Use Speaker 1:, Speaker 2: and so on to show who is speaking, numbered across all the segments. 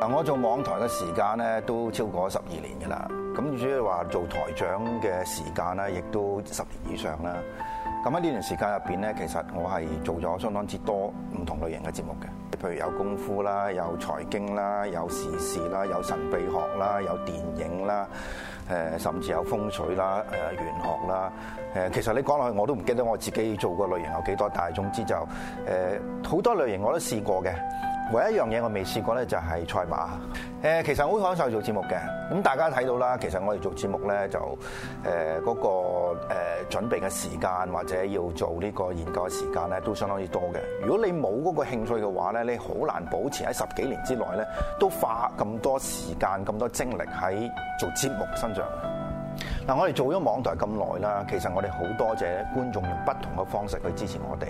Speaker 1: 啊！我做網台嘅時間咧都超過十二年噶啦，咁主要話做台長嘅時間咧，亦都十年以上啦。咁喺呢段時間入邊咧，其實我係做咗相當之多唔同類型嘅節目嘅，譬如有功夫啦，有財經啦，有時事啦，有神秘學啦，有電影啦，誒，甚至有風水啦，誒、呃，玄學啦，誒、呃，其實你講落去我都唔記得我自己做過類型有幾多，但係總之就誒、好多類型我都試過嘅。唯一一樣嘢我未試過咧，就係賽馬。誒，其實好享受做節目嘅。咁大家睇到啦，其實我哋做節目咧，就誒嗰個誒準備嘅時間或者要做呢個研究嘅時間咧，都相當之多嘅。如果你冇嗰個興趣嘅話咧，你好難保持喺十幾年之內咧，都花咁多時間、咁多精力喺做節目身上。嗱，我哋做咗網台咁耐啦，其實我哋好多謝觀眾用不同嘅方式去支持我哋。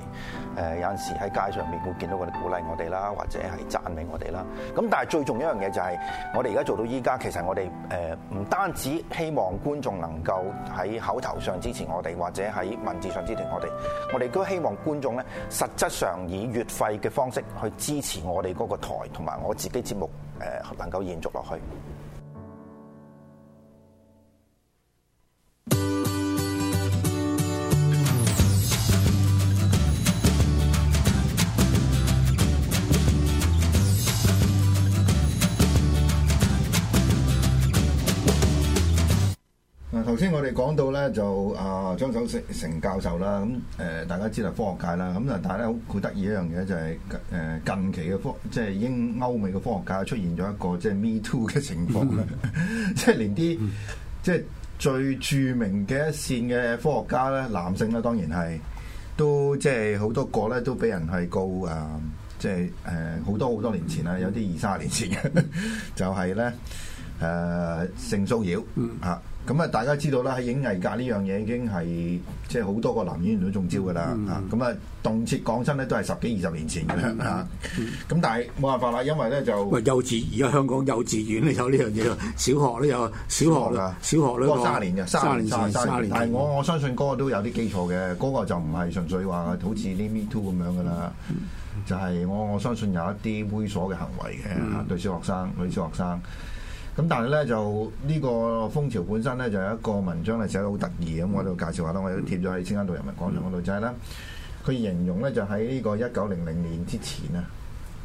Speaker 1: 誒有陣時喺街上邊會見到佢哋鼓勵我哋啦，或者係讚美我哋啦。咁但係最重要一樣嘢就係，我哋而家做到依家，其實我哋誒唔單止希望觀眾能夠喺口頭上支持我哋，或者喺文字上支持我哋。我哋都希望觀眾咧，實質上以月費嘅方式去支持我哋嗰個台，同埋我自己節目誒能夠延續落去。講到咧就啊張、呃、守成教授啦，咁、嗯、誒、呃、大家知道科學界啦，咁啊但係咧好得意一樣嘢就係、是、誒、呃、近期嘅科即係英歐美嘅科學家出現咗一個即係 Me Too 嘅情況、嗯、 即係連啲、嗯、即係最著名嘅一線嘅科學家咧，男性咧當然係都即係好多個咧都俾人係告啊、呃，即係誒好多好多年前, 20，年前、 呃、擾擾啊，有啲二三十年前嘅，就係咧誒性騷擾啊。咁啊，大家知道啦，喺影藝界呢樣嘢已經係即係好多個男演員都中招噶啦。咁啊，動輒講真咧，都係十幾二十年前嘅啦。咁但係冇辦法啦，因為咧就……
Speaker 2: 喂，幼稚而家香港幼稚園咧有呢樣嘢，小學都有，小學啊，小學咧三年㗎，三年，三廿年。但係我我
Speaker 1: 相信嗰個都有啲基礎嘅，嗰個就唔係純粹話好似《Me Too》咁樣㗎啦，就係我我相信有一啲猥瑣嘅行為嘅，女小學生、女小學生。咁但係咧就呢個風潮本身咧就有一個文章係寫得好得意。咁、嗯，我就介紹下啦，我都貼咗喺青山道人民廣場嗰度，就係咧佢形容咧就喺呢個一九零零年之前啊，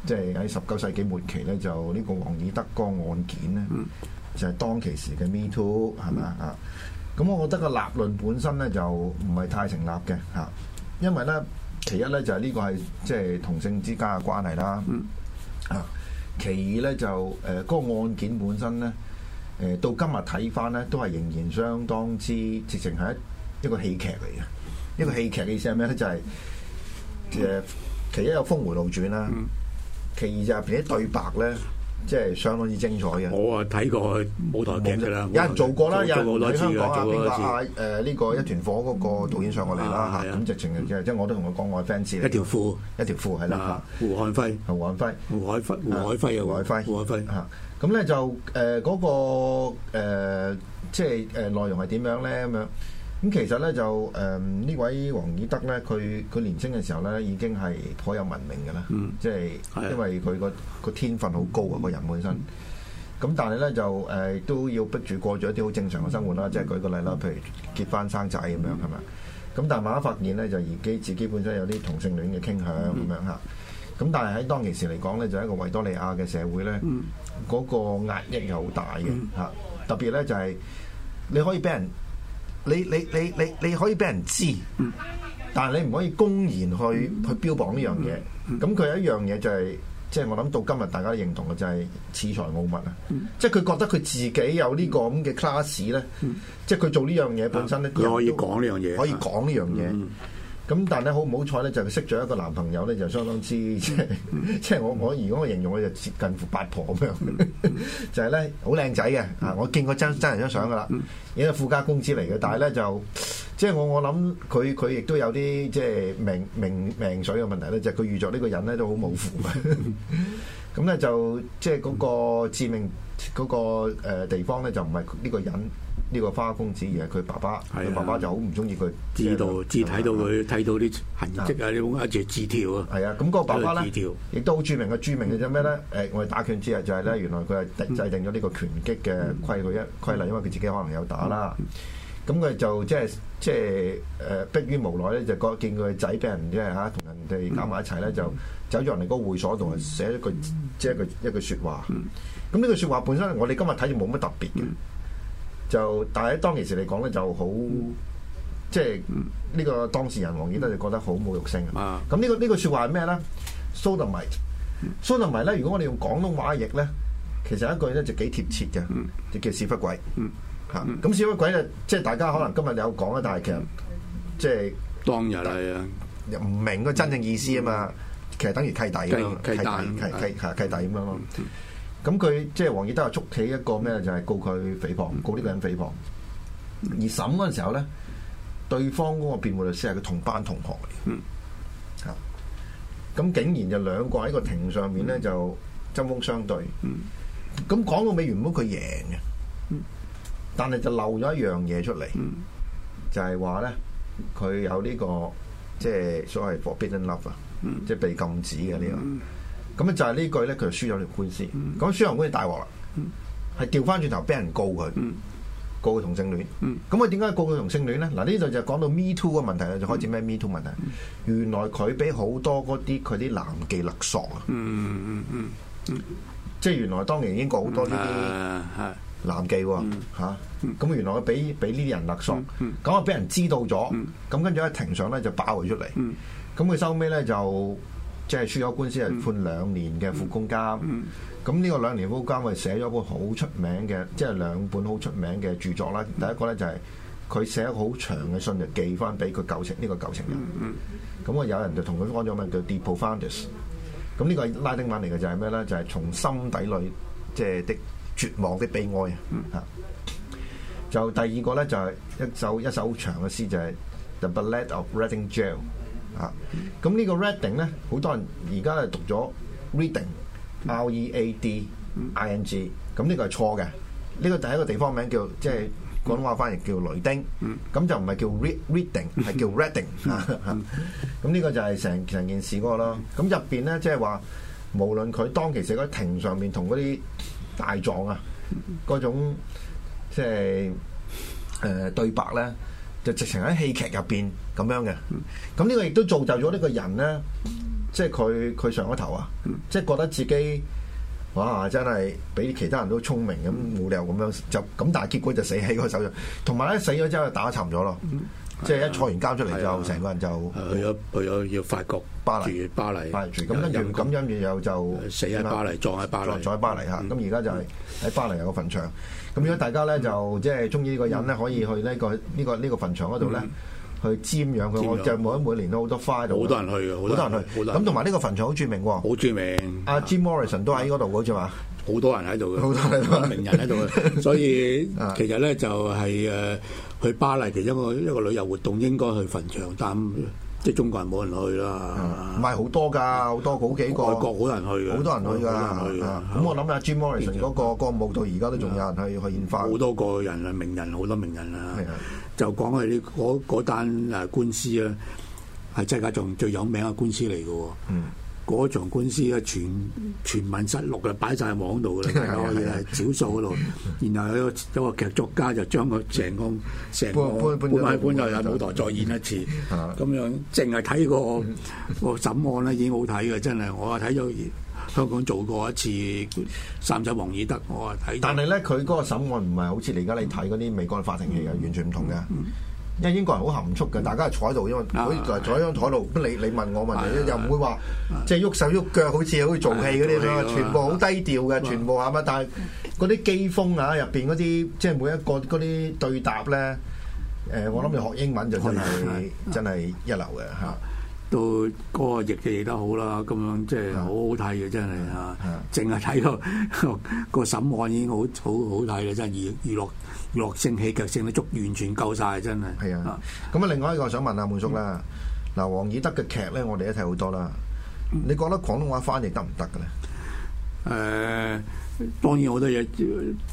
Speaker 1: 即係喺十九世紀末期咧就呢個王爾德江案件咧，就係、是、當其時嘅 Me Too 係咪？嗯、啊？咁我覺得個立論本身咧就唔係太成立嘅嚇、啊，因為咧其一咧就係、是、呢個係即係同性之間嘅關係啦，啊、嗯。嗯其二咧就誒嗰、呃那個案件本身咧，誒、呃、到今日睇翻咧都係仍然相當之，直情係一一個戲劇嚟嘅。一個戲劇嘅意思係咩咧？就係誒其一有峰回路轉啦，嗯、其二就係入邊啲對白咧。即係相當之精彩嘅。我
Speaker 2: 啊睇過佢舞台劇㗎啦。有人做過啦，有人喺香港啊，另外啊
Speaker 1: 誒呢個一團火嗰個導演上過嚟啦。咁直情係即係我都同佢講我 fans 一條褲一條褲係啦嚇。胡漢輝、胡漢輝、胡海輝、胡海輝啊胡海輝。咁咧就誒嗰個誒即係誒內容係點樣咧咁樣？咁其實咧就誒呢、嗯、位王爾德咧，佢佢年青嘅時候咧已經係頗有文明嘅啦，嗯、即係因為佢個個天分好高啊，個、嗯、人本身。咁、嗯、但係咧就誒、呃、都要逼住過咗一啲好正常嘅生活啦、啊，即係舉個例啦，譬如結婚生仔咁樣係嘛。咁、嗯、但係慢慢發現咧，就自己自己本身有啲同性戀嘅傾向咁樣嚇。咁、嗯嗯、但係喺當其時嚟講咧，就一個維多利亞嘅社會咧，嗰個壓抑又好大嘅嚇。嗯嗯、特別咧就係你可以俾人，你你你你你可以俾人知，但係你唔可以公然去、嗯、去標榜呢樣嘢。咁佢、嗯嗯、有一樣嘢就係、是，即、就、係、是、我諗到今日大家都認同嘅就係恃才傲物啊！嗯、即係佢覺得佢自己有這個這呢個咁嘅 class 咧，嗯、即係佢做呢樣嘢本身咧，佢可以講呢樣嘢，可以講呢樣嘢。是咁但咧好唔好彩咧就係、識咗一個男朋友咧就相當之即係即係我我如果我形容我就接近乎八婆咁樣， 就係咧好靚仔嘅啊！嗯、我見過真真人張相噶啦，亦都、嗯、富家公子嚟嘅，但係咧就即係、就係、我我諗佢佢亦都有啲即係命命命，命水嘅問題咧，就係佢遇著呢個人咧都好冇符。咁 咧就即係嗰個致命嗰、嗰個地方咧就唔係呢個人。呢個花公子，而係佢爸爸，佢爸爸就好唔中意佢，知道知睇到佢
Speaker 2: 睇到啲痕跡啊，好，一隻字條啊，係啊，
Speaker 1: 咁嗰個爸爸咧，亦都好著名嘅著名嘅，就咩咧？誒，我哋打拳之後就係咧，原來佢係制定咗呢個拳擊嘅規矩一規例，因為佢自己可能有打啦。咁佢就即係即係誒，迫於無奈咧，就覺見佢個仔俾人即係吓，同人哋搞埋一齊咧，就走咗人哋個會所，度，人寫一句即係一句一句説話。咁呢句説話本身，我哋今日睇冇乜特別嘅。就但係喺當其時嚟講咧，就好、嗯、即係呢、呢個當事人王建德就覺得好侮辱性啊、呢個！咁、呢個、呢個、嗯、呢個説話係咩咧？sodomite，sodomite 咧，如果我哋用廣東話譯咧，其實一句咧就幾貼切嘅，就叫屎忽鬼嚇。咁屎忽鬼咧，即係大家可能今日你有講啊，但係其實即係當日但，啊，又唔明個真正意思啊嘛，其實等於契弟，弟。咯，契契契契弟咁咯。咁佢即係王爾德啊，捉起一個咩就係告佢誹謗，告呢個人誹謗。而審嗰陣時候咧，對方嗰個辯護律師係佢同班同學嚟。嚇、啊，咁竟然就兩個喺個庭上面咧就針鋒相對。咁講到尾原本佢贏嘅，但係就漏咗一樣嘢出嚟，就係話咧佢有呢、這個即係所謂 Forbidden Love 啊、嗯，即係被禁止嘅呢、這個。咁就係呢句咧，佢就輸咗條官司。咁輸咗官司就大鑊啦，係調翻轉頭俾人告佢，告佢同性戀。咁佢點解告佢同性戀咧？嗱，呢度就講到 Me Too 嘅問題啦，就開始咩 Me Too 問題。嗎原來佢俾好多嗰啲佢啲男妓勒索啊。即係 del ell 原來當年已英國好多呢啲男妓吓，咁原來佢俾俾呢啲人勒索，咁啊俾人知道咗，咁跟住喺庭上咧就爆佢出嚟。咁佢收尾咧就。即係輸咗官司係判兩年嘅苦工監，咁呢、嗯嗯、個兩年苦工監，佢寫咗本好出名嘅，即、就、係、是、兩本好出名嘅著作啦。第一個咧就係、是、佢寫好長嘅信就寄翻俾佢舊情呢、這個舊情人，咁啊、嗯嗯、有人就同佢安咗名叫 De Profundis，o 咁呢個拉丁文嚟嘅就係咩咧？就係、是就是、從心底裏即係的絕望的悲哀啊！嗯、就第二個咧就係、是、一首一首好長嘅詩就係 The Ballad of Reading Jail。啊！咁呢個 reading 咧，好多人而家讀咗 reading r e a d i n g，咁呢個係錯嘅。呢、呢個第一個地方名叫即係廣東話翻譯叫雷丁，咁、嗯、就唔係叫 read reading，係叫 reading 啊！咁呢個就係成成件事嗰個咯。咁入邊咧，即係話無論佢當其時喺庭上面同嗰啲大狀啊，嗰種即係誒對白咧。就直情喺戲劇入邊咁樣嘅，咁呢、嗯、個亦都造就咗呢個人咧，即係佢佢上咗頭啊，即係、嗯、覺得自己哇真係比其他人都聰明咁冇、嗯、理由咁樣，就咁但係結果就死喺佢手上，同埋咧死咗之後就打沉咗咯。嗯即係一錯完交出嚟就成個人就去咗去咗要法國巴黎，巴黎咁跟住咁跟住又就死喺巴黎，葬喺巴黎，葬喺巴黎嚇。咁而家就係喺巴黎有個墳場。咁如果大家咧就即係中意呢個人咧，可以去呢個呢個呢個墳場嗰度咧去瞻仰佢。就每每年都好多花喺度，好多人去，好多人去。咁同埋呢個墳場好著名喎，好著名。阿 Jim Morrison 都喺嗰度好似話，好多人喺度，好多名人喺度，所
Speaker 2: 以其實咧就係誒。去巴黎其中一個一個旅遊活動應該去墳場，但即係中國人冇人去啦。
Speaker 1: 唔係好多噶，好多好幾個外國好多人去噶，好多人去噶、啊。咁我諗啊，Jim Morrison 嗰、那個得個墓到而家都仲有人去去獻花。好多個人啊，名人，好多名人啊。係啊的，
Speaker 2: 就講佢啲嗰嗰單誒官司啊，係世界仲最有名嘅官司嚟嘅。嗯。嗰場官司咧，全全民實錄嘅，擺曬喺網度嘅，以係少數度。然後有個有個劇作家就將整個成個成個半開半又喺舞台再演一次，咁樣淨係睇個、嗰個審案咧已經好睇嘅。真係我啊睇咗香港做過一次《三仔王爾德》，我啊睇。
Speaker 1: 但係咧，佢嗰個審案唔係好似你而家你睇嗰啲美國法庭戲啊，完全唔同嘅。嗯嗯因為英國人好含蓄嘅，大家係坐喺度，因為可以坐喺張台度，咁你你問我問，又唔會話即係喐手喐腳，好似好似做戲嗰啲咁，全部好低調嘅，全部係嘛。但係嗰啲機鋒呀，入邊嗰啲，即係每一個嗰啲對答咧，誒，我諗你學英文就真係真係一流嘅
Speaker 2: 嚇，都嗰個譯嘅譯得好啦，咁樣即係好好睇嘅，真係嚇。淨係睇個
Speaker 1: 個審案已經好好好睇嘅，真係娛娛樂。樂性，戲劇性都足，完全夠晒，真係。係啊，咁啊，另外一個我想問阿、啊、滿叔啦，嗱、嗯，王、啊、爾德嘅劇咧，我哋一睇好多啦，你覺得廣東話翻譯得唔得嘅咧？誒、
Speaker 2: 呃，當然好多嘢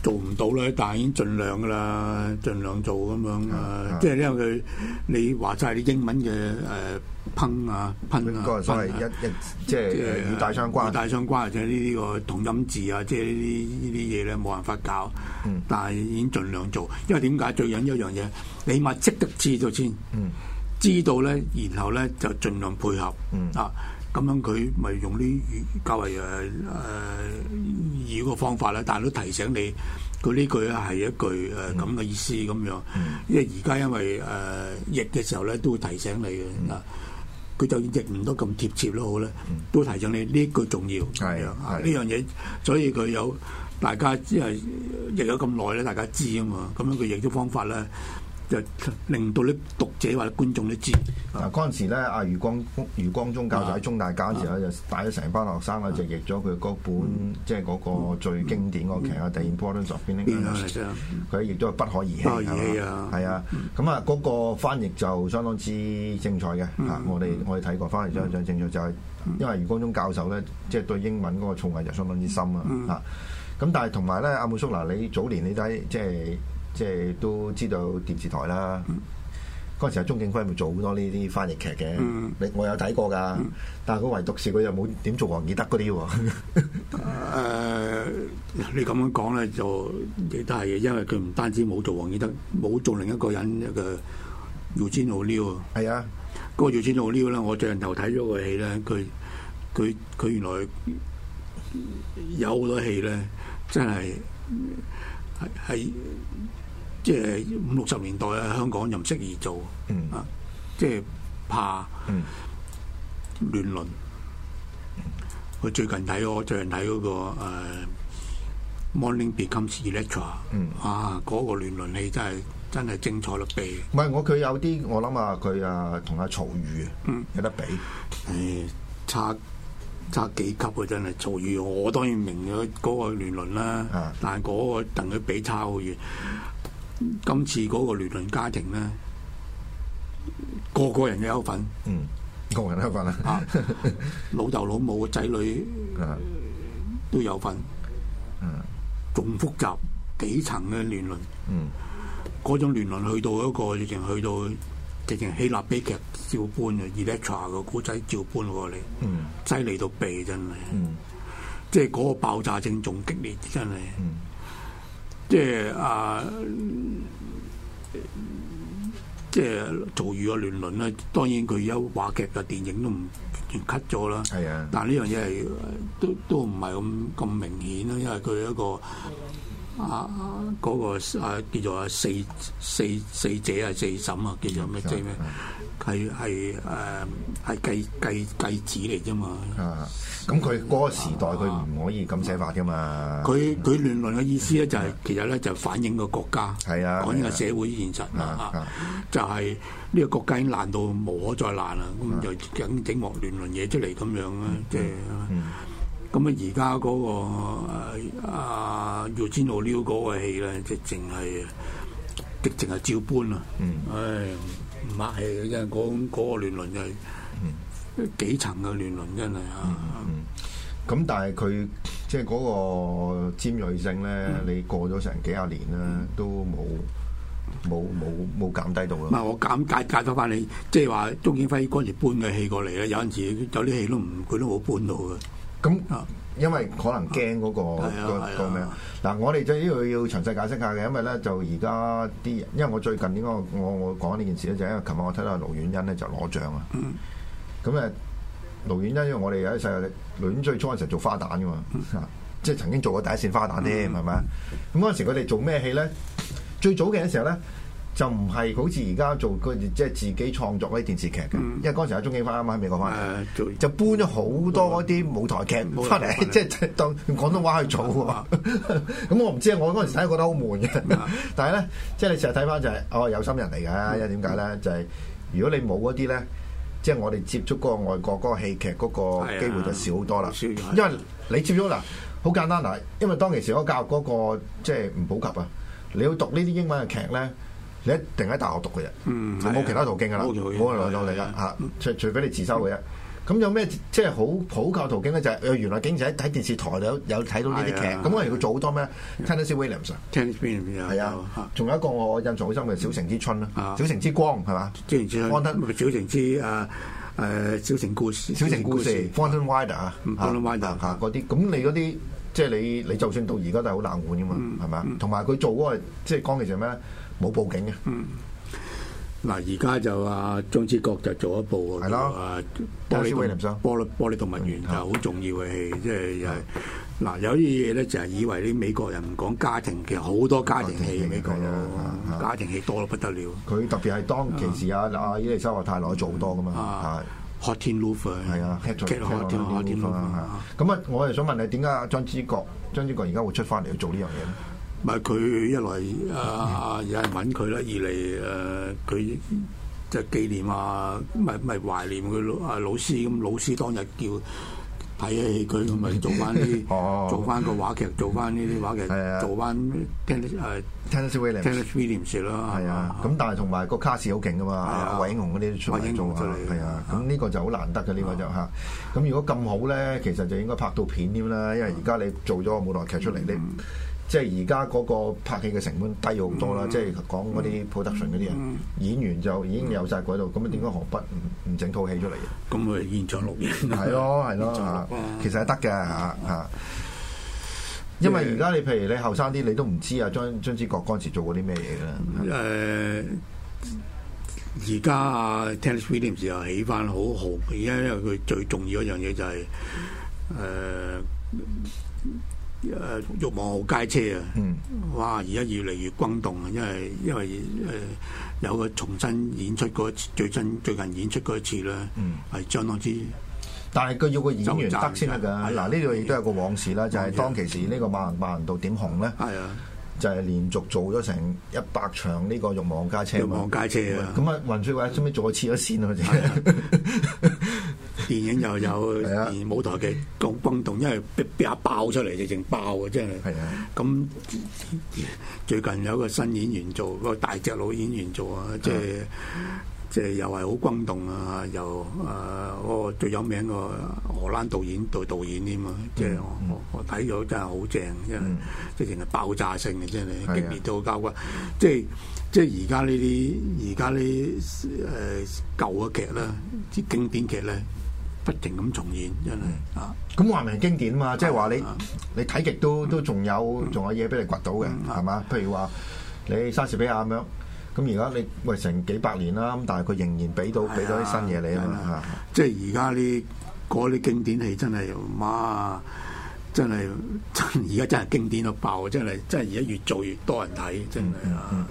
Speaker 2: 做唔到啦，但係已經盡量㗎啦，盡量做咁樣啊，即係、啊啊、因為佢你話齋，啲英文嘅誒。啊噴啊，噴啊，都
Speaker 1: 係一一即係與大相關，
Speaker 2: 大相關啊！即係呢啲個同音字啊，即係呢啲呢啲嘢咧，冇辦法搞。嗯，但係已經盡量做，因為點解最緊？一樣嘢，你咪即刻知咗先。嗯，知道咧，然後咧就盡量配合。嗯啊，咁樣佢咪用啲較為誒誒、呃、二個方法咧，但係都提醒你，佢呢句啊係一句誒咁嘅意思咁樣。嗯，因為而家因為誒譯嘅時候咧，都會提醒你嘅啊。呃嗯佢就算譯唔到咁貼切都好啦，都提醒你呢一句重要。係 啊，呢樣嘢，所以佢有大家即係譯咗咁耐咧，大家知啊嘛。咁樣佢譯咗方法咧。就
Speaker 1: 令到啲讀者或者觀眾都知。嗱，嗰陣時咧，阿余光余光中教授喺中大教嗰陣時咧，就帶咗成班學生啦，就譯咗佢嗰本即係嗰個最經典嗰劇啊，《The Importance of Being Earnest》。佢亦都係不可兒戲係嘛？係啊，咁啊嗰個翻譯就相當之精彩嘅。嚇，我哋我哋睇過翻譯相當精彩，就係因為余光中教授咧，即係對英文嗰個造詣就相當之深啊。嚇，咁但係同埋咧，阿妹叔嗱，你早年你睇，即係。即係都知道電視台啦，嗰陣、mm. 時阿鍾景輝咪做好多呢啲翻譯劇嘅，你、mm. 我有睇過噶，mm. 但係佢唯獨是佢又冇點做王爾德嗰啲
Speaker 2: 喎。誒，你咁樣講咧，就亦都係因為佢唔單止冇做王爾德，冇做另一個人一個尤金奧尼爾啊。係啊，嗰個尤金奧尼爾咧，我最近頭睇咗個戲咧，佢佢佢原來有好多戲咧，真係係係。即係五六十年代喺香港任職而做，啊、嗯，即係怕亂倫。佢、嗯、最近睇我最近睇嗰、那個、呃、Morning Becomes Electra、嗯、啊，嗰、那個亂倫戲真係真係精彩得痹，
Speaker 1: 唔係我佢有啲我諗啊佢啊同阿、啊、曹禺有得比，係、
Speaker 2: 嗯哎、差差幾級嘅真係曹禺，我當然明咗嗰個亂倫啦，嗯、但係嗰個同佢比差好遠。今次嗰個亂倫家庭咧，個個人嘅有份，嗯，
Speaker 1: 個人有份啊， 啊
Speaker 2: 老豆老母個仔女，呃、都有份，嗯，仲複雜幾層嘅亂倫，嗯，嗰種亂倫去到一個，直情去到直情希臘悲劇照搬嘅，Electra 嘅古仔照搬過嚟，嗯，犀利到痹真係，即係嗰個爆炸性仲激烈真係。嗯即係啊，即係造語嘅亂倫啦。當然佢有話劇嘅電影都唔完全 cut 咗啦。係啊，的但係呢樣嘢係都都唔係咁咁明顯啦，因為佢係一個。啊啊！嗰個啊叫做啊四四四姐啊四嬸啊，叫做咩即係咩？係係誒係繼繼繼子
Speaker 1: 嚟啫嘛。咁佢嗰個時代佢唔可以咁寫法噶嘛。佢、啊、佢、啊
Speaker 2: 啊、亂倫嘅意思咧就係、是啊、其實咧就是、反映個國家，
Speaker 1: 啊、講呢個社
Speaker 2: 會現實啊，啊，啊，就係、是、呢個國家已經爛到無可再爛啦，咁、啊啊、就整整幕亂倫嘢出嚟咁樣啦，即係。咁、那個、啊！而家嗰個阿若千老僆嗰個戲咧，即係淨係，即係淨係照搬啊！嗯、唉，唔客氣嘅真係嗰嗰個亂倫就係幾層嘅
Speaker 1: 亂倫真係啊！咁、啊嗯嗯嗯嗯、但係佢即係嗰個尖鋭性咧，嗯、你過咗成幾廿年啦，嗯、都冇冇冇冇減低到咯。唔
Speaker 2: 係我減解解咗翻你，即係話鍾景輝嗰時搬嘅戲過嚟咧，有陣時有啲戲
Speaker 1: 都唔佢都冇搬到嘅。咁，因為可能驚嗰、嗰個名。嗱，我哋真要要詳細解釋下嘅，因為咧就而家啲，人。因為我最近呢個我我講呢件事咧，就因為琴日我睇到盧宛茵咧就攞獎啊。咁咧、嗯嗯嗯，盧宛茵因為我哋有啲細路咧，盧宛茵最初嗰時候做花旦噶嘛，嗯嗯、即係曾經做過第一線花旦添，係咪？咁嗰陣時佢哋做咩戲咧？最早嘅嗰時候咧。就唔係好似而家做佢即係自己創作嗰啲電視劇嘅。嗯、因為嗰陣時喺中景翻啊嘛，喺美國翻嚟、嗯、就搬咗好多嗰啲說舞台劇翻嚟，即係說當用廣東話去做喎。咁我唔知我嗰陣時睇覺得好悶嘅。但係咧，即、就、係、是、你成日睇翻就係、是、哦，有心人嚟嘅，嗯、因為點解咧？就係、是、如果你冇嗰啲咧，即、就、係、是、我哋接觸嗰個外國嗰個戲劇嗰個機會就少好多啦。因為你接咗嗱，好簡單嗱，因為當其時嗰個教育嗰、那個即係唔普及啊，你要讀呢啲英文嘅劇咧。你一定喺大學讀嘅啫，冇其他途徑噶啦，冇嘅來路嚟噶嚇，除除非你自修嘅啫。咁有咩即係好普及途徑咧？就係原來竟然喺睇電視台有有睇到呢啲劇。咁例如佢做好多咩？Tennessee Williams，Tennessee Williams 係啊，仲有一個我印象好深嘅《小城之春》啦，《小城之光》係嘛，《小城之光》。f 小城之誒誒小城故事，小城故事，Thornton Wilder 啊 Thornton Wilder 嗰啲。咁你嗰啲即係你你就算到而家都係好冷門嘅嘛，係咪？同埋佢做嗰個即係講其實咩咧？冇報警嘅。嗯，
Speaker 2: 嗱，而家就阿張之國就做一部啊，玻璃維納玻璃玻璃動物園，就好重要嘅戲，即係又係嗱，有啲嘢咧，就係以為啲美國人唔講家庭嘅，好多家庭戲嘅美國佬，家庭戲多到不得了。
Speaker 1: 佢特別係當其時啊，阿伊麗莎白泰勒做好多噶嘛，Hot In Loofer，Hot In Hot In Loofer，咁啊，我係想問你點解阿張之國、張之國而家會出翻嚟去做呢樣嘢？
Speaker 2: 咪佢一來，啊啊有人揾佢啦，二嚟誒佢即係紀念啊，咪咪懷念佢老啊老師咁，老師當日叫睇下戲劇咁，咪做翻啲做翻個話劇，做翻呢啲話劇，
Speaker 1: 做翻聽啲誒聽啲威廉聽啲威廉史咯。係啊，咁但係同埋個卡 a 好勁噶嘛，鬼影紅嗰啲出嚟做啊，係啊，咁呢個就好難得嘅，呢個就嚇。咁如果咁好咧，其實就應該拍到片添啦，因為而家你做咗個舞台劇出嚟咧。即係而家嗰個拍戲嘅成本低咗好多啦，嗯、即係講嗰啲 production 嗰啲人，嗯、演員就已經有晒鬼度，咁啊點解何不唔整套戲出嚟？
Speaker 2: 咁佢、嗯、現場錄影，係咯係咯嚇，其
Speaker 1: 實得嘅嚇嚇。因為而家你譬如你後生啲，你都唔知啊張張之國嗰陣時做過啲咩嘢啦。
Speaker 2: 誒，而家啊，Tennessee Williams 又起翻好好，而家因為佢最重要一樣嘢就係誒。呃嗯嗯嗯嗯誒，慾望街車啊，哇！而家越嚟越轟動啊，因為因為誒有個重新演出嗰次，最近最近演出嗰一次咧，係相當之。但
Speaker 1: 係佢要個演員得先得㗎。嗱，呢度亦都有個往事啦，就係當其時呢個馬龍馬龍白蘭度點紅咧，就係連續做咗成一百場呢個慾望街車。慾望街車啊！咁啊，雲翠委會使唔使咗線啊？佢哋？電影又有，
Speaker 2: 而舞台劇都轟動，因為一爆出嚟就成爆啊！真係，咁係啊最近有個新演員做，個大隻佬演員做啊，即係即係又係好轟動啊！又啊，個最有名個荷蘭導演導導演添啊！即係我睇咗真係好正，因為即係爆炸性嘅真係，激烈到交關。即係即係而家呢啲而家呢誒舊嘅劇啦，啲、呃、經典劇咧。不停咁重
Speaker 1: 演，真係啊！咁話明經典啊嘛，即係話你你睇極都都仲有仲有嘢俾你掘到嘅，係嘛？譬如話你莎士比亞咁樣，咁而家你喂成幾百年啦，咁但係佢仍然俾到俾到啲新嘢你啊嘛！
Speaker 2: 即係而家呢嗰啲經典戲真係，哇！真係真而家真係經典到爆，
Speaker 1: 真係真係而家越做越多人睇，真係。嗯，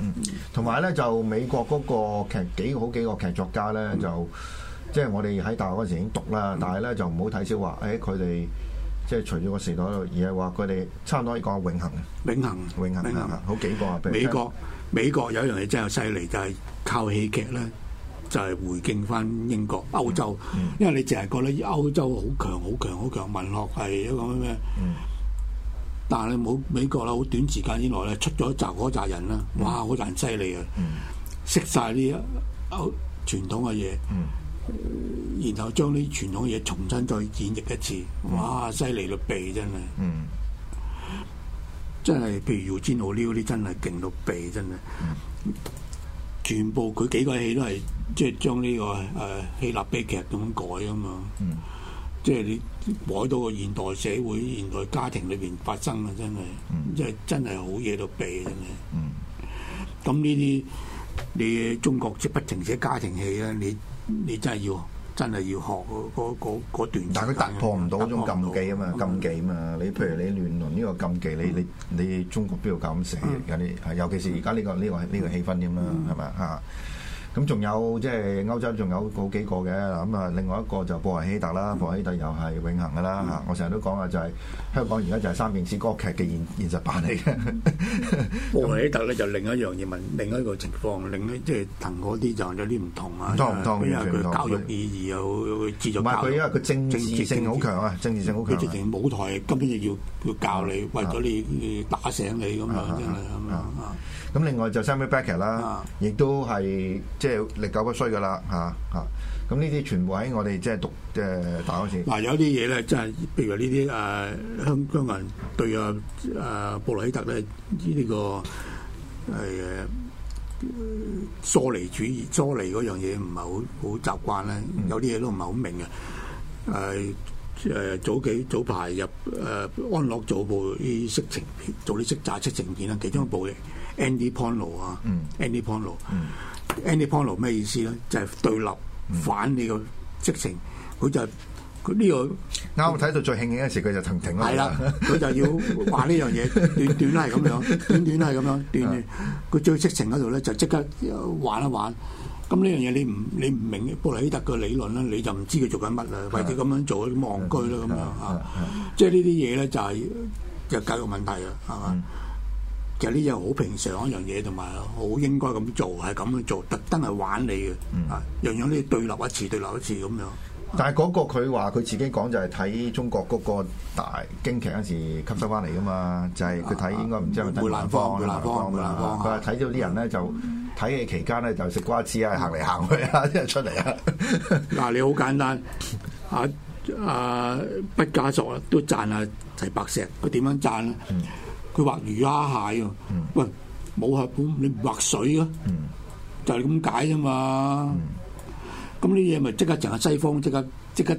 Speaker 1: 同埋咧就美國嗰個劇幾好幾個劇作家咧就。即係我哋喺大學嗰時已經讀啦，嗯、但係咧就唔好睇少話。誒、哎，佢哋即係除咗個時代，而係話佢哋差唔多可以講永恆永恆，永恆，永恆、嗯嗯，好幾個啊！美國
Speaker 2: 美國有一樣嘢真係犀利，就係、是、靠戲劇咧，就係、是、回敬翻英國歐洲，嗯、因為你淨係覺得歐洲好強、好強、好強，文學係一個咩咩，嗯、但係你冇美國啦，好短時間以來咧出咗一扎嗰扎人啦，哇！好扎人犀利啊，識曬啲歐傳統嘅嘢。嗯然後將啲傳統嘢重新再演繹一次，哇！犀利到痹真係，嗯，真係、mm.，譬如尤金奧、呢啲真係勁到痹真係，全部佢幾個戲都係即係將呢、這個誒、呃、希臘悲劇咁改啊嘛，即、就、係、是、你改到個現代社會、現代家庭裏邊發生啊，真係，即係、mm. 真係好嘢到痹真係、mm.，嗯，咁呢啲你中國即不停寫家庭戲啦，你。你真係要，真係要學嗰、嗰個段。
Speaker 1: 但係佢突破唔到嗰種禁忌啊嘛，嘛，禁忌啊嘛。你譬如你亂倫呢個禁忌，嗯、你你你中國邊度敢寫，啊？有啲、嗯、尤其是而家呢個呢、嗯呢個呢、呢個氣氛咁啦，係咪吓？咁仲有即係歐洲仲有嗰幾個嘅嗱，咁啊，另外一個就布萊希特啦，布萊希特又係永恆嘅啦嚇。我成日都講啊，就係香港而家就係三面之歌劇嘅現現實版嚟
Speaker 2: 嘅。布萊希特咧就另一樣嘢問，另一個情況，另一即係同嗰啲就有啲唔同啊。唔同唔同嘅程度。教育意義又又持續教。唔係佢因為佢政治性好強啊，政治性好強。佢直情舞台根本就要要教你，為咗你打
Speaker 1: 醒你咁樣啫嘛，咁樣啊。咁另外就 Samuel Beckett 啦、啊，亦都係即係歷久不衰噶啦嚇嚇。咁呢啲全部喺我哋即係讀誒大學時。
Speaker 2: 嗱，有啲嘢咧，即係、呃、譬如呢啲誒香香港人對啊啊、呃、布萊希特咧，呢呢個係疏離主義疏離嗰樣嘢，唔係好好習慣咧。嗯、有啲嘢都唔係好明嘅。誒、呃、誒，早幾早排入誒、呃、安樂做部啲色情片，做啲色炸色情片啊，其中一部嘅。嗯 Anti-porno 啊，Anti-porno，Anti-porno 咩意思咧？就係對立，反你個色情，佢就佢呢個啱睇到最興起嗰時，佢就停停咯。係啦，佢就要話呢樣嘢，短短係咁樣，短短係咁樣，短短佢最色情嗰度咧，就即刻玩一玩。咁呢樣嘢你唔你唔明布萊希特個理論啦，你就唔知佢做緊乜啦，或者咁樣做去戇居咯咁樣啊。即係呢啲嘢咧，就係就教育問題啊，係嘛？其實啲嘢好平常一樣嘢，同埋好應該咁做，係咁樣做，特登係玩你嘅，啊、嗯，樣樣你對立一次，對立一次咁樣。
Speaker 1: 但係嗰個佢話佢自己講就係睇中國嗰個大京劇嗰時吸收翻嚟噶嘛，嗯、就係佢睇應該唔、啊、知梅蘭芳、梅蘭芳啦。佢睇咗啲人咧就睇嘅期間咧就食、是、瓜子走走哈哈哈哈啊，行嚟行去啊，啲人出嚟啊。
Speaker 2: 嗱，你好簡單，啊啊，畢加索都讚啊，齊白石，佢點樣讚咧？嗯。佢畫魚蝦蟹啊，喂，冇下本，你唔畫水啊，就係咁解啫嘛。咁呢嘢咪即刻淨係西方，即刻即刻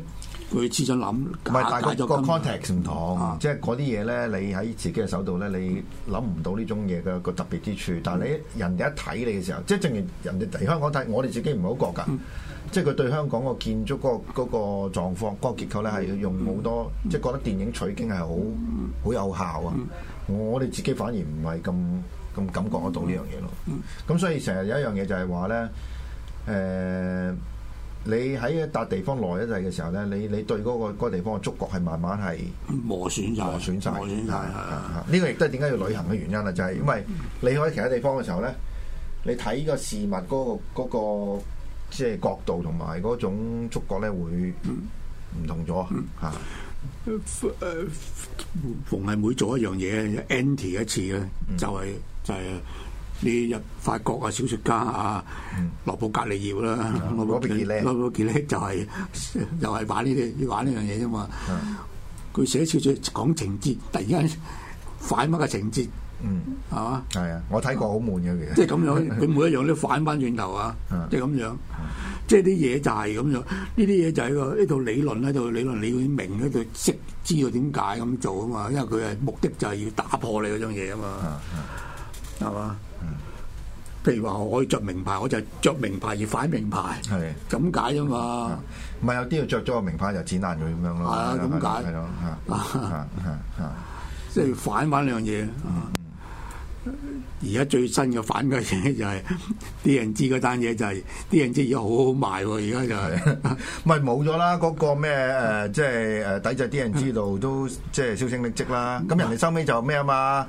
Speaker 2: 去試
Speaker 1: 想諗，唔係大就個 context 唔同，即係嗰啲嘢咧，你喺自己嘅手度咧，你諗唔到呢種嘢嘅個特別之處。但係你人哋一睇你嘅時候，即係正如人哋睇香港睇，我哋自己唔係好覺㗎。即係佢對香港個建築嗰個嗰個狀況、嗰個結構咧，係要用好多，即係覺得電影取景係好好有效啊。我哋、哦、自己反而唔係咁咁感覺得到呢樣嘢咯。咁、嗯、所以成日有一樣嘢就係話咧，誒、呃，你喺一笪地方耐一陣嘅時候咧，你你對嗰、嗰個嗰個地方嘅觸覺係慢慢係
Speaker 2: 磨損曬，磨損曬，呢個
Speaker 1: 亦都係點解要旅行嘅原因啦，就係、係、因為你去其他地方嘅時候咧，你睇個事物嗰、嗰個即係、嗰個嗰個、角度同埋嗰種觸覺咧會唔同咗啊！嗯嗯嗯。逢係每做一樣嘢，anti 一
Speaker 2: 次嘅，就係、是、就係、是、你入法國啊，小說家啊，羅伯、嗯、格利葉啦，羅伯格利，羅伯格利就係又係玩呢啲玩呢樣嘢啫嘛。佢寫、嗯、小說講情節，突然間反乜嘅情節。嗯，係嘛？係啊，
Speaker 1: 我睇過好悶嘅其實。即係咁樣，佢每
Speaker 2: 一樣都反翻轉頭啊！即係咁樣，即係啲嘢就係咁樣。呢啲嘢就喺個呢套理論咧，度理論你要明咧，就識知道點解咁做啊嘛。因為佢係目的就係要打破你嗰種嘢啊嘛。係嘛？譬如話我可以着名牌，我就着名牌而反名牌，係咁解啊嘛。唔係有啲要着咗個名牌就剪爛佢咁樣咯。係啊，咁解。即係反翻兩樣嘢。而、 呃、家最新嘅反嘅嘢就係 D&G 嗰單嘢，就係 D&G 而家好好賣，而家就係
Speaker 1: 咪冇咗啦？嗰個咩誒即係誒抵制 D&G 嘅都即係銷聲匿跡啦。咁人哋收尾就咩啊嘛？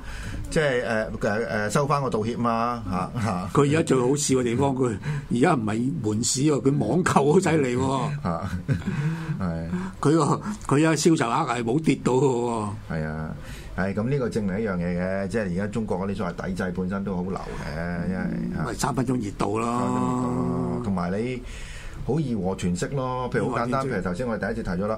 Speaker 1: 即係誒誒誒收翻個道歉啊嘛吓
Speaker 2: 吓。佢而家最好笑嘅地方，佢而家唔係門市喎，佢網購好犀利喎吓。係佢個佢而家銷售額係冇跌到嘅。係啊。 係，咁
Speaker 1: 呢、哎，這個證明一樣嘢嘅，即係而家中國嗰啲所謂抵制本身都好流嘅，因為三分鐘熱度咯，同埋你好易和全息咯，譬如好簡單，譬如頭先我哋第一次提咗啦。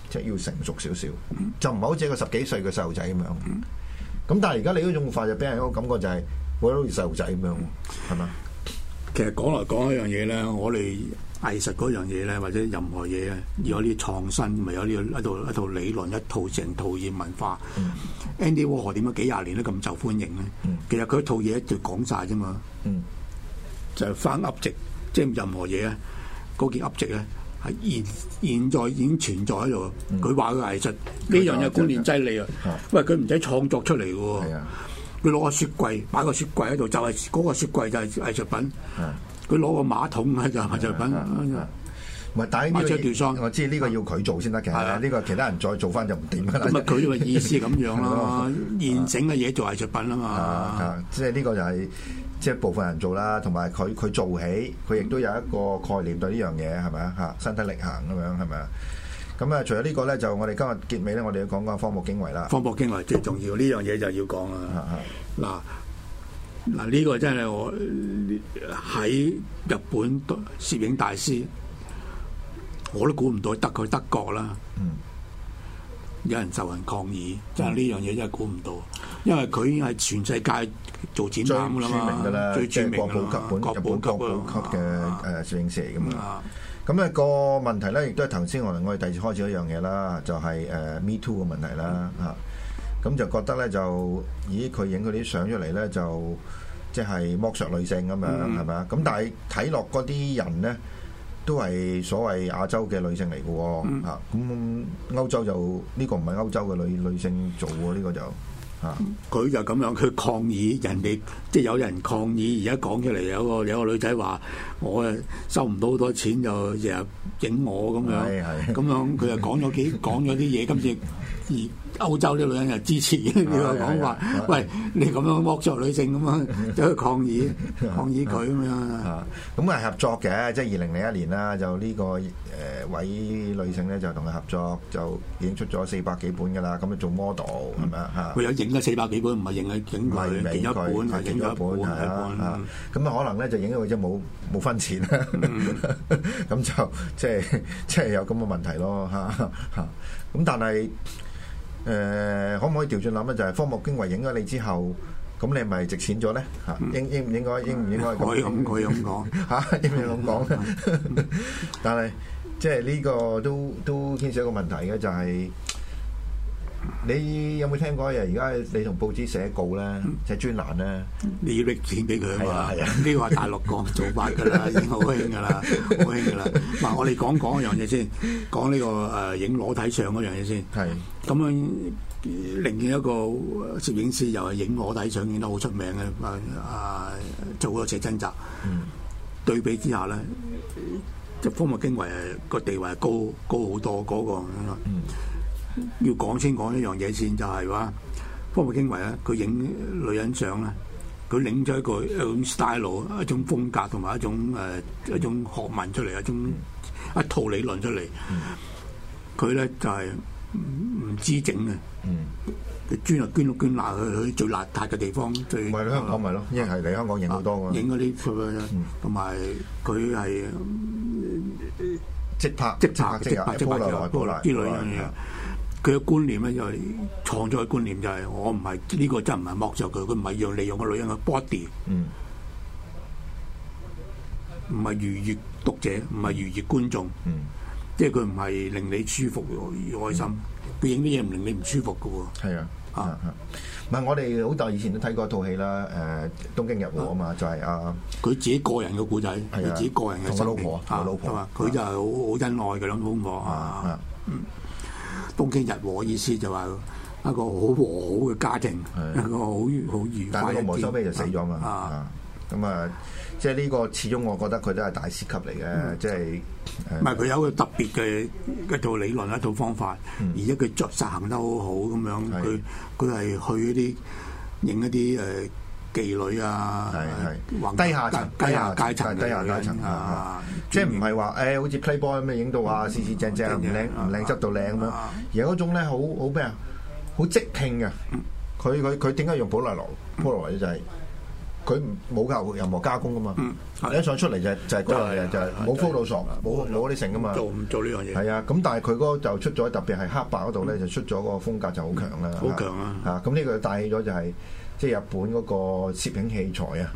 Speaker 1: 即係要成熟少少，就唔係好似一個十幾歲嘅細路仔咁樣。咁但係而家你嗰種活法就俾人一個感覺，就係好似細路仔咁樣。係嘛、嗯吧？
Speaker 2: 其實講來講一樣嘢咧，我哋藝術嗰樣嘢咧，或者任何嘢咧，要有啲創新，咪有呢？一套一套理論，一套成套嘅文化。嗯、Andy Warhol 點解幾廿年都咁受歡迎咧？嗯、其實佢一套嘢一就講晒啫嘛。嗯，就反壓值，即係任何嘢啊，嗰件壓值咧。係現現在已經存在喺度。佢話嘅藝術呢樣嘢觀念犀利啊，因為佢唔使創作出嚟嘅喎。佢攞、嗯、個雪櫃擺個雪櫃喺度，就係、是、嗰、那個雪櫃就係藝術品。佢攞、嗯、個馬桶喺就係、嗯、藝術品。嗯嗯嗯嗯
Speaker 1: 唔係但啲，或者斷喪。我知呢個要佢做先得嘅，呢個其他人再做翻就唔掂啦。佢嘅意思咁樣啦，
Speaker 2: 現成嘅嘢做藝術品啊嘛。
Speaker 1: 即係呢個就係即係部分人做啦，同埋佢佢做起，佢亦都有一個概念對呢樣嘢係咪啊？嚇，身體力行咁樣係咪啊？咁啊，除咗呢個咧，就我哋今日結尾咧，我哋要講講荒木經惟啦。荒木經惟最重要呢樣嘢
Speaker 2: 就要講啦。嗱嗱，呢個真係我喺日本攝影大師。我都估唔到，得佢德國啦，嗯，有人就人抗議，嗯、真係呢樣嘢真係估唔到，因為佢已經係全世界做展覽最，最著名噶啦，最國寶級本，級本日本國
Speaker 1: 寶級嘅誒攝影師嚟噶嘛。咁呢、嗯嗯、個問題咧，亦都係頭先我哋我哋第二次開始一樣嘢啦，就係、是、誒 Me Too 嘅問題啦嚇。咁、嗯、就覺得咧就，咦佢影嗰啲相出嚟咧就，即、就、係、是、剝削女性咁樣係咪啊？咁、嗯、但係睇落嗰啲人咧。都係所謂亞洲嘅女性嚟嘅喎，咁、嗯嗯、歐洲就呢、呢個唔係歐洲嘅女女性做喎，呢、呢個就嚇佢、嗯、就咁樣佢抗議人哋，即係有
Speaker 2: 人抗議。而家講出嚟有個有個女仔話我啊，收唔到好多錢就日日影我咁樣，咁樣佢又講咗幾講咗啲嘢，今次而。歐洲啲女人又支持呢個講話，喂你咁樣剝削
Speaker 1: 女性咁樣，走去抗議抗議佢咁樣。咁啊合作嘅，即係二零零一年啦，就呢個誒位女性咧就同佢合作，就已經出咗四百幾本㗎啦。咁啊做 model，係咪啊，佢有
Speaker 2: 影咗四百幾本，唔係影啊影佢影一本，係影咗一本，一本
Speaker 1: 嚇。咁啊可能咧就影咗佢即係冇冇分錢啦。咁就即係即係有咁嘅問題咯嚇嚇。咁但係。誒可唔可以調轉諗咧？就係荒木經惟影咗你之後，咁你咪值錢咗咧？嚇、嗯，應應唔應該，應唔應該。可以咁、 嗯，可以咁講嚇，因為咁講咧。但係即係呢個都都牽涉一個問題嘅，就係、是。你有冇聽過啊？而家你同報紙寫稿咧，寫專欄咧，你要搦錢俾佢啊嘛？
Speaker 2: 呢個大陸講做法噶啦，已經好興噶啦，
Speaker 1: 好興噶啦。
Speaker 2: 嗱，我哋講講一樣嘢先，講呢個誒影裸體相嗰樣嘢先。係咁樣，另一個攝影師又係影裸體相影得好出名嘅，啊，做咗寫真集。對比之下咧，即係荒木經惟個地位係高高好多嗰個。嗯。要講清講一樣嘢先就係話，方步青為啦，佢影女人相啦，佢整咗一個一種 style、一種風格同埋一種誒一種學問出嚟，一種一套理論出嚟。佢咧就係唔知整嘅，佢專啊捐窿捐罅去去最邋遢嘅地方。唔係香港咪咯，因為係嚟香港影好多嘅。影嗰啲同埋佢係即拍、即拍，即拍、即拍，嘅。拖泥又拖嘢。佢嘅觀念咧就係創作嘅觀念就係我唔係呢個真唔係剝削佢，佢唔係要利用個女人嘅 body，唔係愉悅讀者，唔係愉悅觀眾，即係佢唔係令你舒服與開心，佢影啲嘢唔令你唔舒
Speaker 1: 服嘅喎。係啊，唔係我哋好大以前都睇過一套戲啦，誒東京日和啊嘛，就係阿
Speaker 2: 佢自己個人嘅故仔，佢自己個人嘅生活，老婆，我老婆，佢就係好好恩愛嘅兩公婆啊。東京日和意思就話一個好和好嘅家庭，的一個好好
Speaker 1: 愉快嘅。的但係個就死咗嘛。咁啊，即係呢個始終我覺得佢都係大師級嚟嘅，即係唔係佢
Speaker 2: 有一個特別嘅一套理論、嗯、一套方法，嗯、而且佢著實行得好好咁樣。佢佢係去一啲影一啲誒，呃妓
Speaker 1: 女啊，係係低下層、低下階層、低下階層啊！即係唔係話誒，好似 Playboy 咁樣影到啊，四四正正，唔靚唔靚執到靚咁樣，而係嗰種咧好好咩啊？好即興嘅，佢佢佢點解用寶麗來寶麗來？佢冇加任何加工㗎嘛，一上出嚟就係就係就係冇 Photoshop，冇冇嗰啲成㗎嘛。做做呢樣嘢係啊！咁但係佢嗰個就出咗特別係黑白嗰度咧，就出咗個風格就好強啦。好強啊！嚇咁呢個帶起咗就係。即係日本嗰個攝影器材啊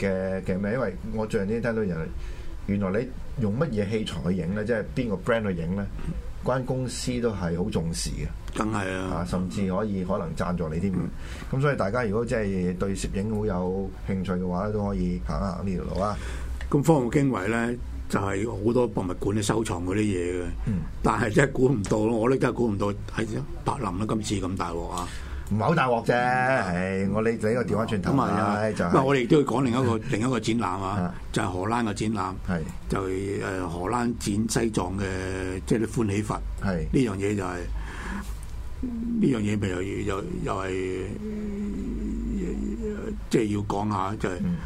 Speaker 1: 嘅嘅咩？其實因為我最近啲聽到人，原來你用乜嘢器材去影咧？即係邊個 brand 去影咧？關公司都係好重視嘅，梗係啊，啊！甚至可以可能贊助你啲咁，嗯、所以大家如果即係對攝影好有興趣嘅話咧，都可以行下呢條路啊。
Speaker 2: 咁荒木經惟咧就係、是、好多博物館咧收藏嗰啲嘢嘅，嗯、但係真係估唔到咯！我呢真係估唔到，睇下柏林咧今次咁大鑊啊！
Speaker 1: 唔係好大鑊啫，唉！我哋就你個調翻轉頭啦，咁啊、就是、啊，我哋
Speaker 2: 都要講另一個 另一個展覽啊，就係、是、荷蘭嘅展覽，係是就誒荷蘭展西藏嘅即係啲歡喜佛，係呢是樣嘢就係、是、呢樣嘢、就是，咪又又又係即係要講下，就係、是嗯、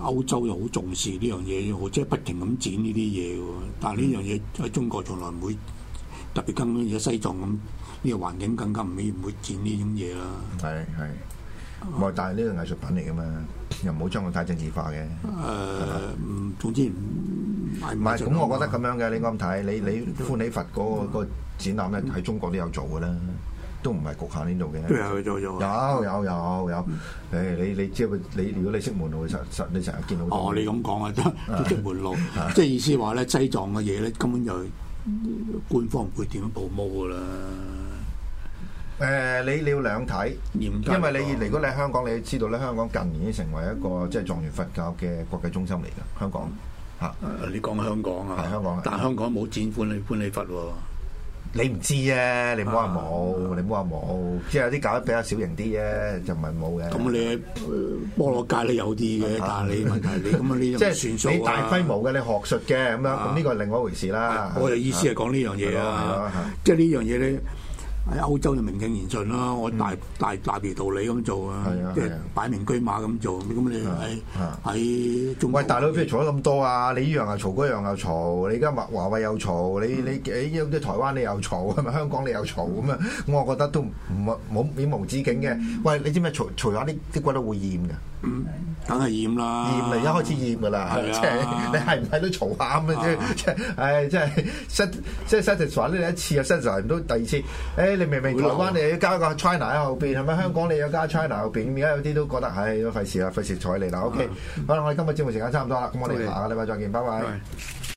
Speaker 2: 歐洲又好重視呢樣嘢，或、就、者、是、不停咁展呢啲嘢喎，但係呢樣嘢喺中國從來唔會特別跟翻而家西藏咁。
Speaker 1: 啲環境更加唔會唔會見呢種嘢啦。係係，唔係但係呢個藝術品嚟噶嘛，又唔好將佢太政治化嘅。誒、呃，吧總之唔唔係咁，我覺得咁樣嘅你咁睇，你你觀你,你歡喜佛嗰、那個、對個展覽咧喺中國都有做噶啦，對都唔係局限呢度嘅。都有去
Speaker 2: 做有
Speaker 1: 有有有，誒、嗯、你你即係你,你如果你識門路，實實你成日見到。哦，你咁
Speaker 2: 講啊，都識門路， 即係意思話咧，西藏嘅嘢咧根本就官方唔會點報幕噶啦。
Speaker 1: 誒，你你要兩睇，因為你嚟如果你喺香港，你知道咧，香港近年已經成為一個即係藏傳佛教嘅國際中心嚟噶。香港吓，你講香港啊，係香港，但香港冇展觀禮觀禮佛，你唔知啫，你唔好話冇，你唔好話冇，即係有啲搞得比較小型啲啫，就唔係冇嘅。咁你摩羅街你有啲嘅，但係你問題你咁啊，呢啲即係算數啊。你大規模嘅，你學術嘅咁樣，咁呢個係另外一回事啦。我嘅意思係講呢樣嘢啊，
Speaker 2: 即係呢樣嘢你。喺歐洲就名正言順啦，我大大大辯道理咁做 啊，啊即係擺明
Speaker 1: 車馬咁做，咁你喺喺、啊啊、中喂大佬，你嘈咗咁多啊？你依樣又嘈，嗰樣又嘈，你而家華華為又嘈，你你喺即、哎、台灣你又嘈，咁啊香港你又嘈咁啊？嗯、我覺得都唔冇面無止境嘅。喂，你知唔知嘈嘈下啲啲骨都會厭嘅。嗯 梗係厭啦，厭嚟一開始厭噶啦，係啊！即你係唔係都嘈下咁啊？即係、哎，即係，唉，即係，失即係失掉台灣呢一次又失掉都第二次。誒、哎，你明明台灣、啊、你要加個 China 喺後邊，係咪、嗯、香港你要加 China 後邊？而家有啲都覺得，唉、哎，都費事啦，費事睬你啦。OK，好啦，我哋今日節目時間差唔多啦，咁我哋下個禮拜再見，拜拜謝。謝